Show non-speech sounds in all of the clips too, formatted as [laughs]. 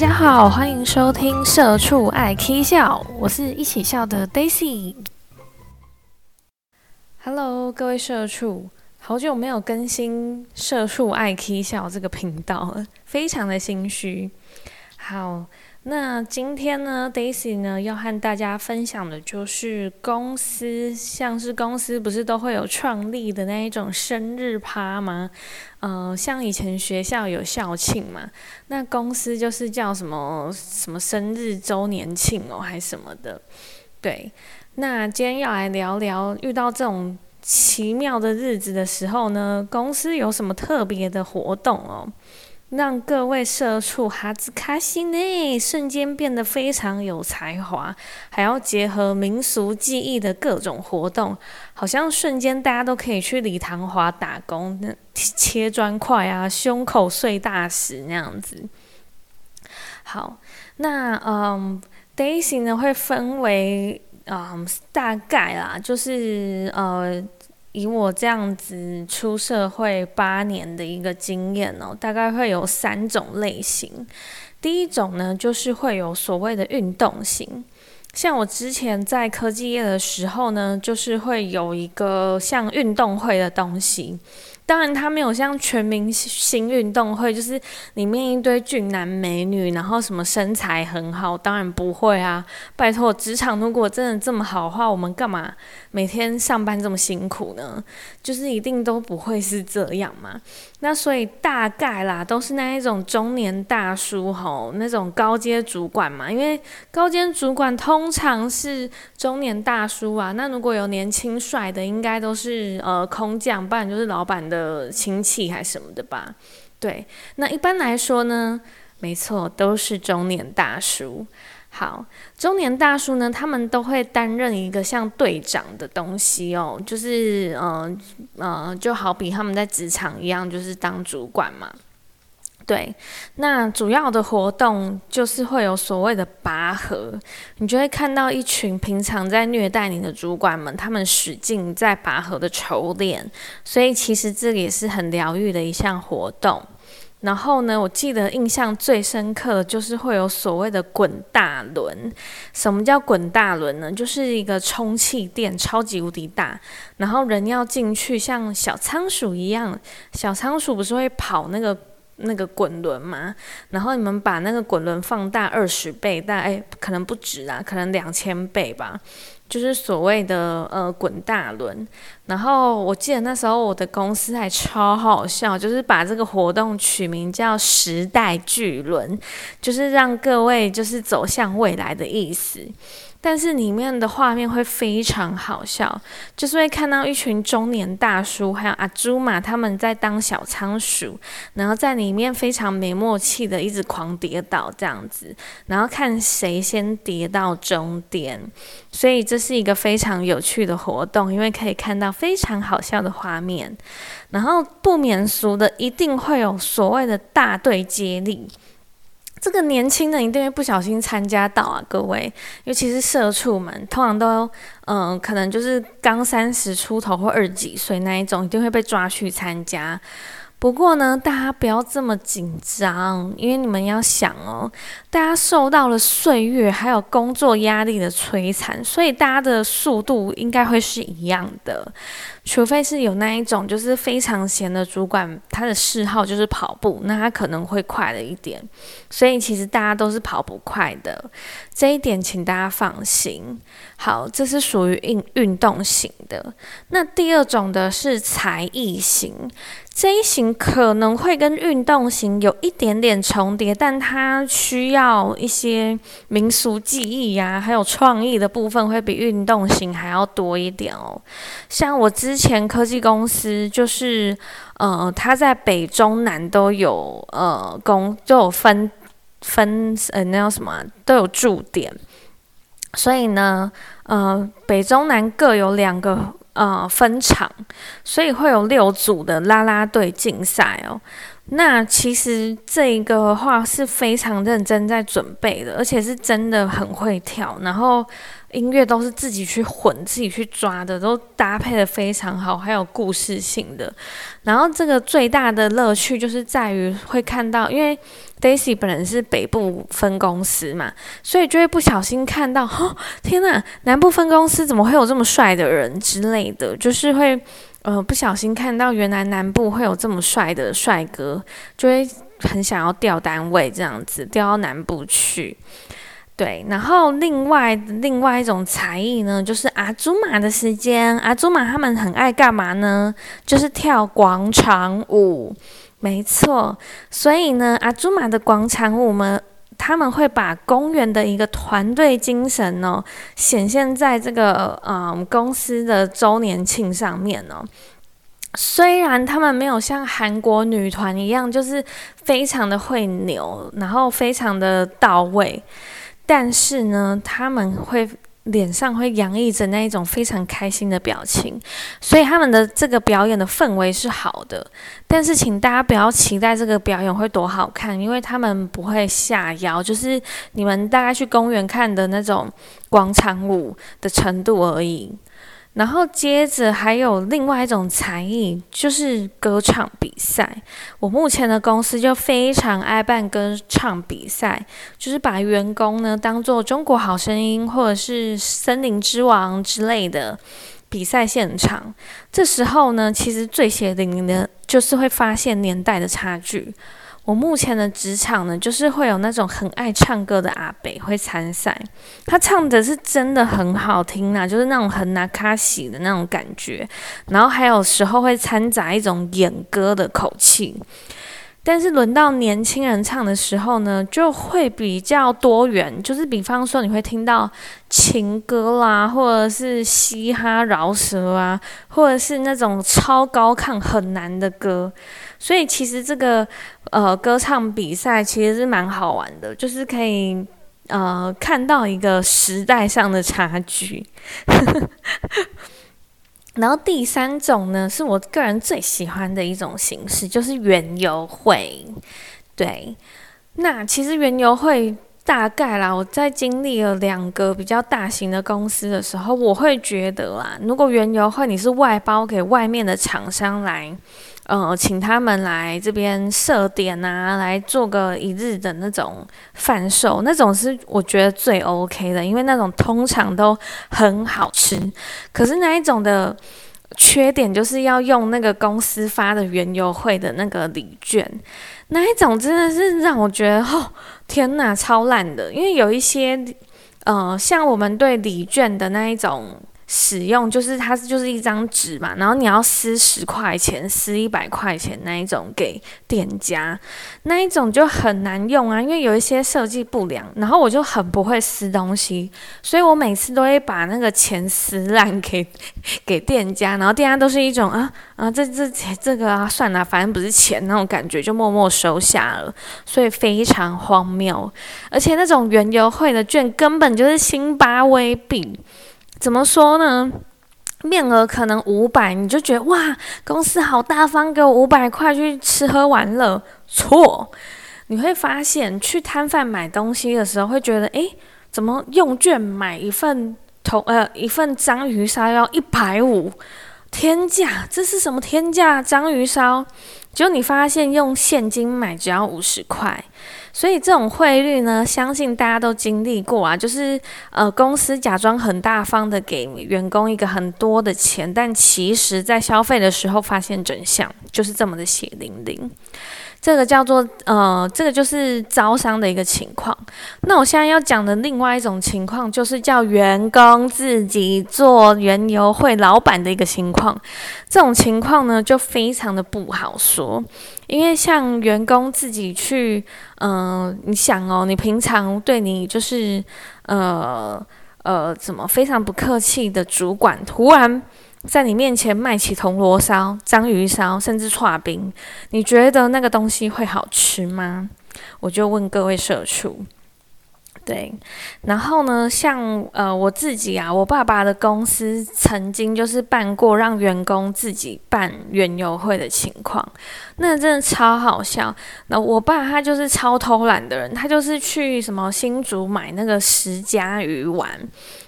大家好，歡迎收聽《社畜愛 k 笑》，我是一起笑的 Daisy。Hello，各位社畜，好久沒有更新《社畜愛 k 笑》這個頻道了，非常的心虛。好。那今天呢，Daisy 呢要和大家分享的，就是公司，像是公司不是都會有創立的那一種生日趴嗎？呃，像以前學校有校慶嘛，那公司就是叫什麼什麼生日週年慶哦，還什麼的。對，那今天要來聊聊，遇到這種奇妙的日子的時候呢，公司有什麼特別的活動哦？讓各位社畜哈子開心呢，瞬間變得非常有才華，還要結合民俗技藝的各種活動，好像瞬間大家都可以去禮堂華打工，那切磚塊啊，胸口碎大石那樣子。好，那嗯、呃、，day 呢會分為嗯、呃、大概啦，就是嗯。呃以我這樣子出社會八年的一個經驗哦，大概會有三種類型。第一種呢，就是會有所謂的運動型，像我之前在科技業的時候呢，就是會有一個像運動會的東西。當然，他沒有像全明星運動會，就是裡面一堆俊男美女，然後什麼身材很好。當然不會啊！拜托，職場如果真的這麼好的話，我們幹嘛每天上班這麼辛苦呢？就是一定都不會是這樣嘛。那所以大概啦，都是那一種中年大叔吼，那種高階主管嘛。因為高階主管通常是中年大叔啊。那如果有年輕帥的，應該都是呃空降，不然就是老板的。呃，親戚還什麼的吧，對，那一般來說呢，沒錯，都是中年大叔。好，中年大叔呢，他們都會擔任一個像隊長的東西哦，就是嗯嗯、呃呃，就好比他們在職場一樣，就是當主管嘛。對，那主要的活動就是會有所謂的拔河，你就會看到一群平常在虐待你的主管們，他們使勁在拔河的醜臉，所以其實這個也是很療癒的一項活動。然後呢，我記得印象最深刻的就是會有所謂的滾大輪，什麼叫滾大輪呢？就是一個充氣墊，超級無敵大，然後人要進去像小倉鼠一樣，小倉鼠不是會跑那個。那個滾輪嘛，然後你們把那個滾輪放大二十倍，大概，可能不止啊，可能兩千倍吧，就是所謂的呃滾大輪。然後我記得那時候我的公司還超好笑，就是把這個活動取名叫“時代巨輪”，就是讓各位就是走向未來的意思。但是裡面的畫面會非常好笑，就是會看到一群中年大叔，還有阿朱瑪他們在當小倉鼠，然後在裡面非常沒默契的一直狂跌倒這樣子，然後看誰先跌到終點。所以這是一個非常有趣的活動，因為可以看到非常好笑的畫面。然後不免俗的，一定會有所謂的大隊接力。這個年輕的一定會不小心參加到啊，各位，尤其是社畜們，通常都嗯、呃，可能就是剛三十出頭或二十幾歲那一種，一定會被抓去參加。不過呢，大家不要這麼緊張，因為你們要想哦，大家受到了歲月還有工作壓力的摧殘，所以大家的速度應該會是一樣的。除非是有那一種就是非常閒的主管，他的嗜好就是跑步，那他可能會快了一點，所以其實大家都是跑不快的，這一點請大家放心。好，這是屬於運運動型的。那第二種的是才藝型，這一型可能會跟運動型有一點點重疊，但它需要一些民俗技藝呀、啊，還有創意的部分會比運動型還要多一點哦。像我之前前科技公司就是，呃，他在北中南都有呃工都有分分呃那叫什麼都有駐點，所以呢，呃，北中南各有兩個呃分廠，所以會有六組的啦啦隊競賽哦。那其實這一個話是非常認真在準備的，而且是真的很會跳，然後音樂都是自己去混、自己去抓的，都搭配的非常好，還有故事性的。然後這個最大的樂趣就是在於會看到，因為 Daisy 本人是北部分公司嘛，所以就會不小心看到，哦天哪，南部分公司怎麼會有這麼帥的人之類的就是會。呃，不小心看到原來南部會有這麼帥的帥哥，就會很想要調單位這樣子調到南部去。對，然後另外另外一種才藝呢，就是阿祖瑪的時間，阿祖瑪他們很愛幹嘛呢？就是跳廣場舞，沒錯。所以呢，阿祖瑪的廣場舞們。他們會把公園的一個團隊精神呢、哦，顯現在這個嗯、呃、公司的週年慶上面呢、哦。雖然他們沒有像韓國女團一樣，就是非常的會扭，然後非常的到位，但是呢，他們會。臉上會洋溢着那一種非常開心的表情，所以他們的這個表演的氛圍是好的。但是，請大家不要期待這個表演會多好看，因為他們不會下腰，就是你們大概去公園看的那種廣場舞的程度而已。然後接着還有另外一種才藝，就是歌唱比賽。我目前的公司就非常愛辦歌唱比賽，就是把員工呢當做中國好聲音或者是森林之王之類的比賽現場。這時候呢，其實最血淋淋的就是會發現年代的差距。我目前的職場呢，就是會有那種很愛唱歌的阿北會參賽，他唱的是真的很好聽啊，就是那種很那卡西的那種感覺，然後還有時候會摻雜一種演歌的口氣。但是輪到年輕人唱的時候呢，就會比較多元。就是比方說，你會聽到情歌啦，或者是嘻哈饒舌啊，或者是那種超高亢很難的歌。所以其實這個呃歌唱比賽其實是蠻好玩的，就是可以呃看到一個時代上的差距。 [laughs] 然後第三種呢，是我個人最喜歡的一種形式，就是園遊會。對，那其實園遊會大概啦，我在經歷了兩個比較大型的公司的時候，我會覺得啦，如果園遊會你是外包給外面的廠商來。呃，請他們來這邊設點啊，來做個一日的那種販售，那種是我覺得最 OK 的，因為那種通常都很好吃。可是那一種的缺點就是要用那個公司發的園遊會的那個禮券，那一種真的是讓我覺得哦，天哪，超爛的，因為有一些呃，像我們對禮券的那一種。使用就是它就是一張紙嘛，然後你要撕十塊錢、撕一百塊錢那一種給店家，那一種就很難用啊，因為有一些設計不良。然後我就很不會撕東西，所以我每次都會把那個錢撕爛給給店家，然後店家都是一種啊啊這這這個啊算了啊，反正不是錢那種感覺，就默默收下了，所以非常荒謬。而且那種園遊會的券根本就是辛巴威幣。怎麼說呢？面額可能五百，你就覺得哇，公司好大方，給我五百塊去吃喝玩樂。錯，你會發現去攤販買東西的時候，會覺得誒，怎麼用券買一份同呃一份章魚燒要一百五？天價，這是什麼天價章魚燒？結果你發現用現金買只要五十塊。所以這種匯率呢，相信大家都經歷過啊，就是呃，公司假裝很大方的給員工一個很多的錢，但其實在消費的時候發現真相就是這麼的血淋淋。這個叫做呃，這個就是招商的一個情況。那我現在要講的另外一種情況，就是叫員工自己做園遊會老闆的一個情況。這種情況呢，就非常的不好說。因為像員工自己去，嗯、呃，你想哦，你平常對你就是，呃呃，怎麼非常不客氣的主管，突然在你面前賣起銅鑼燒、章魚燒，甚至剉冰，你覺得那個東西會好吃嗎？我就問各位社畜。對，然後呢，像呃，我自己啊，我爸爸的公司曾經就是辦過讓員工自己辦園遊會的情況，那個、真的超好笑。那我爸他就是超偷懶的人，他就是去什麼新竹買那個十家魚丸，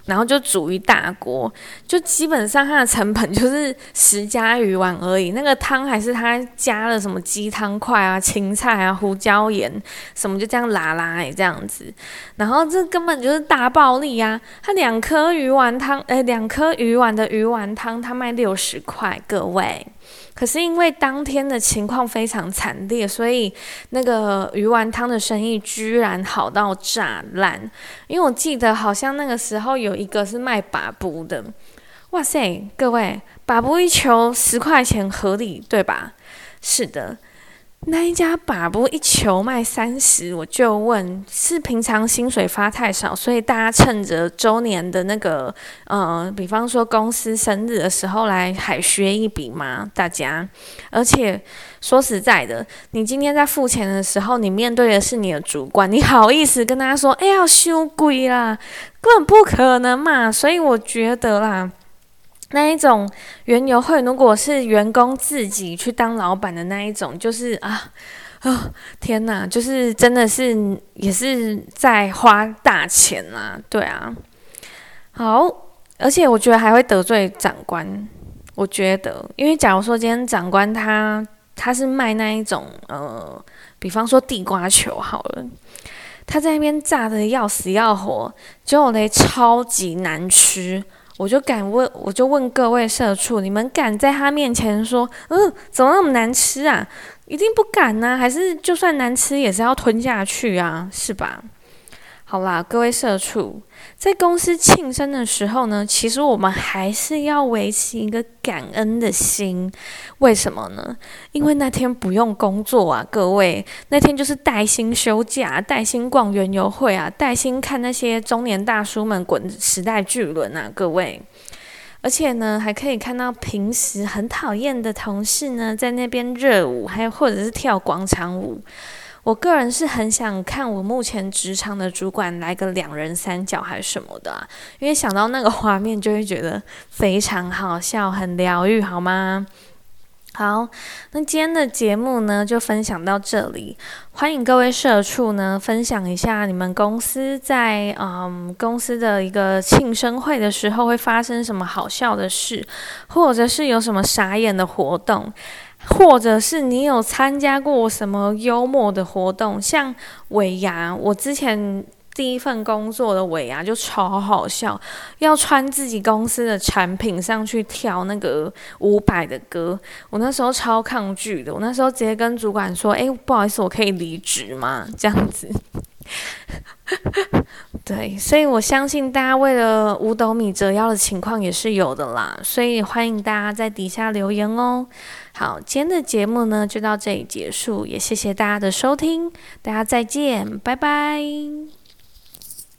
然後就煮一大鍋，就基本上它的成本就是十家魚丸而已，那個湯還是他加了什麼雞湯塊啊、青菜啊、胡椒鹽什麼，就這樣啦啦哎這樣子，然後。然後這根本就是大暴利呀、啊！他兩顆魚丸湯，誒、哎，兩顆魚丸的魚丸湯，他賣六十塊，各位。可是因為當天的情況非常慘烈，所以那個魚丸湯的生意居然好到炸爛。因為我記得好像那個時候有一個是賣八不的，哇塞，各位，八不一球十塊錢合理，對吧？是的。那一家把不一球賣三十，我就問是平常薪水發太少，所以大家趁着周年的那個，呃，比方說公司生日的時候來海削一筆嗎？大家，而且說實在的，你今天在付錢的時候，你面對的是你的主管，你好意思跟大家說，哎、欸，夭壽貴啦，根本不可能嘛。所以我覺得啦。那一種園遊會，如果是員工自己去當老闆的那一種，就是啊，哦，天吶，就是真的是也是在花大錢啊，對啊，好，而且我覺得還會得罪長官。我覺得，因為假如說今天長官他他是賣那一種呃，比方說地瓜球好了，他在那邊炸的要死要活，結果雷超級難吃。我就敢問，我就問各位社畜，你們敢在他面前說，嗯、呃，怎麼那麼難吃啊？一定不敢呢、啊，還是就算難吃也是要吞下去啊，是吧？好啦，各位社畜，在公司慶生的時候呢，其實我們還是要維持一個感恩的心。為什麼呢？因為那天不用工作啊，各位，那天就是帶薪休假、帶薪逛園遊會啊、帶薪看那些中年大叔們滾時代巨輪啊，各位。而且呢，還可以看到平時很討厭的同事呢，在那邊熱舞，還有或者是跳廣場舞。我個人是很想看我目前職場的主管來個兩人三腳還是什麼的啊，因為想到那個畫面就會覺得非常好笑，很療癒，好嗎？好，那今天的節目呢，就分享到這裡，歡迎各位社畜呢，分享一下你們公司在嗯，公司的一個慶生會的時候會發生什麼好笑的事，或者是有什麼傻眼的活動。或者是你有參加過什麼幽默的活動，像尾牙，我之前第一份工作的尾牙就超好笑，要穿自己公司的產品上去跳那個伍佰的歌，我那時候超抗拒的，我那時候直接跟主管說，哎、欸，不好意思，我可以離職嗎？這樣子， [laughs] 對，所以我相信大家為了五斗米折腰的情況也是有的啦，所以歡迎大家在底下留言哦。好，今天的節目呢就到這裡結束，也謝謝大家的收聽，大家再見，拜拜。